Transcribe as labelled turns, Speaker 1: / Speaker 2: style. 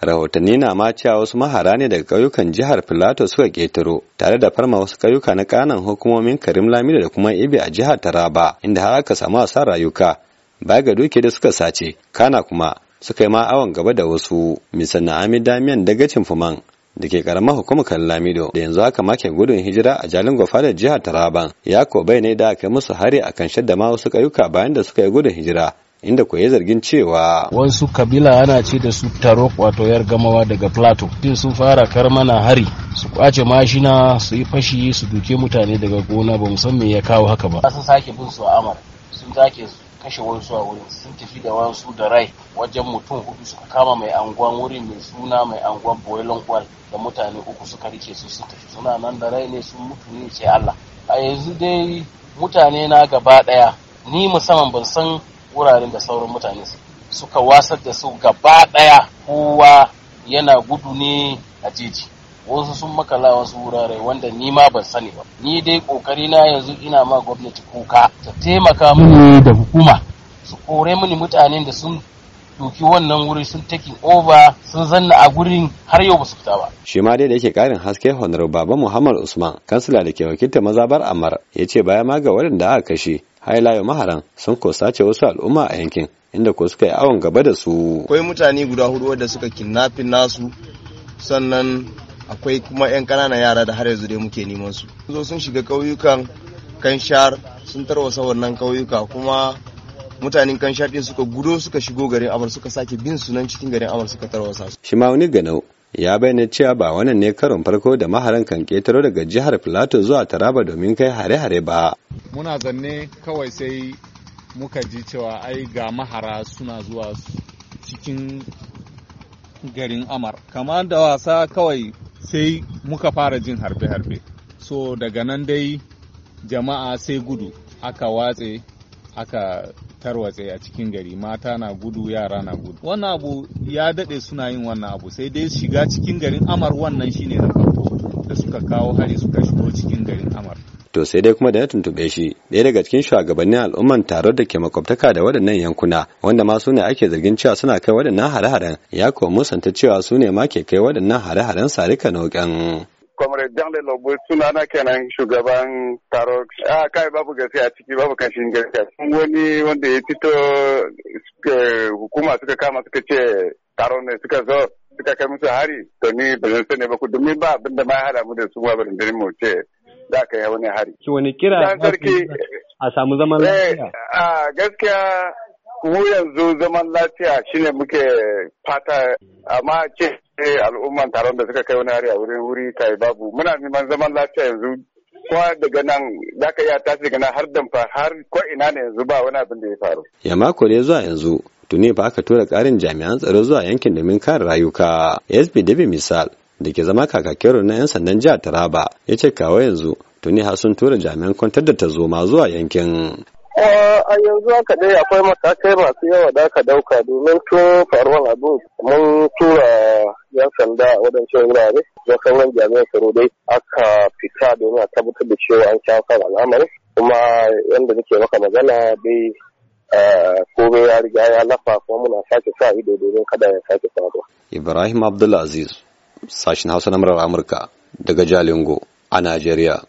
Speaker 1: rahotanni na ma cewa wasu mahara ne daga ƙauyukan jihar filato suka ƙetaro tare da farma wasu ƙauyuka na ƙananan hukumomin karim lamido da kuma ibi a jihar taraba inda har aka samu asar rayuka baya ga duke da suka sace kana kuma suka yi ma awon gaba da wasu misanna ami damiyan dagacin fuman da ke karamar hukumar Lamido da yanzu haka make gudun hijira a jalin da jihar Taraban ya ko bai ne da aka musu hari akan shadda ma wasu kayuka bayan da suka yi gudun hijira inda ko ya zargin cewa
Speaker 2: wasu kabila ana ce da su taro wato yar gamawa daga plato din sun fara kar mana hari su kwace mashina su yi fashi su duke mutane daga gona ba san me ya kawo haka ba sun sake bin su amar sun sake kashe wasu a wurin sun tafi da wasu da rai wajen mutum hudu suka kama mai anguwan wurin mai suna mai anguwan boylon kwal da mutane uku suka rike su sun tafi suna nan da rai ne sun mutu ne ce Allah a yanzu dai mutane na gaba daya ni musamman ban san wuraren da sauran mutane suka wasar da su gaba ɗaya kowa yana gudu ne a jeji wasu sun makala wasu wurare wanda ni ma ban sani ba ni dai kokari na yanzu ina ma gwamnati kuka ta taimaka mini mm. da hukuma su kore mini mutanen da sun doki wannan wuri sun take over sun zanna a gurin har yau ba su fita
Speaker 1: ba. Shi ma dai da yake karin haske honar baba Muhammad Usman kansila da ke wakiltar mazabar Amar ya ce baya ma ga wurin da aka kashe hailayo maharan sun sace wasu al'umma a yankin inda ko suka yi awon gaba da su
Speaker 2: akwai mutane guda hudu wadda suka kinnafin nasu sannan akwai kuma 'yan kananan yara da har yanzu dai muke neman su zo sun shiga ƙauyukan kanshar sun tarwasa nan ƙauyuka kuma mutanen kanshar din suka gudo suka shigo garin amur suka sake bin su nan cikin garin amur suka tarwa. su
Speaker 1: shi ma wani ganau ya bayyana cewa ba wannan ne karon farko da maharan kan ketaro daga jihar filato zuwa taraba domin kai hare-hare ba
Speaker 3: muna zanne kawai sai muka
Speaker 2: ji cewa ai ga mahara suna zuwa cikin garin amar kama da wasa kawai sai muka fara jin harbe-harbe so daga nan dai jama'a sai gudu aka watse aka tarwatse a cikin gari mata na gudu yara na gudu wannan abu ya daɗe suna yin wannan abu sai dai shiga cikin garin amar wannan shine na farko da suka kawo hari suka shigo cikin garin
Speaker 1: amar to sai dai kuma da na tuntube shi ɗaya daga cikin shugabannin al'umman taron da ke makwabtaka da waɗannan yankuna wanda ma su ne ake zargin cewa suna kai waɗannan hare-haren ya ko musanta cewa su ne ma ke kai waɗannan hare-haren sarika noƙen.
Speaker 3: comrade jan lobo sunana kenan shugaban taro a kai babu gaskiya a ciki babu kashin gaskiya wani wanda ya fito hukuma suka kama suka ce taro ne suka zo suka kai musu hari to ni ba zan sani ba ku domin ba abin da ma hada mu da su ba bari mu ce za ka yi wani hari.
Speaker 1: Ki wani kira a samu zaman eh, lafiya?
Speaker 3: A gaskiya mu yanzu zaman lafiya shine muke fata amma ce al'umman taron da suka kai wani hari a wurin wuri kai babu muna neman zaman lafiya yanzu kuma daga nan za ka iya tashi gana har damfa har ko ina ne yanzu ba wani abin da ya
Speaker 1: faru. Ya mako ne zuwa yanzu tuni ba aka tura karin jami'an tsaro zuwa yankin domin kare rayuka. SB Dabi misal da ke zama kakakin na 'yan sandan jihar Taraba ya ce kawo yanzu tuni har sun tura jami'an kwantar da ta zoma zuwa yankin.
Speaker 3: a yanzu haka dai akwai matakai masu yawa da aka dauka domin tun faruwar abin mun tura yan sanda a wadancan wurare da sauran jami'an tsaro dai aka fita domin a tabbatar da cewa an sha kan al'amari kuma yadda nake maka magana dai kome ya riga ya lafa kuma muna sake sa ido domin kada ya sake faruwa.
Speaker 1: Ibrahim Abdulaziz sashin hausa na murar amurka daga jalingo a najeriya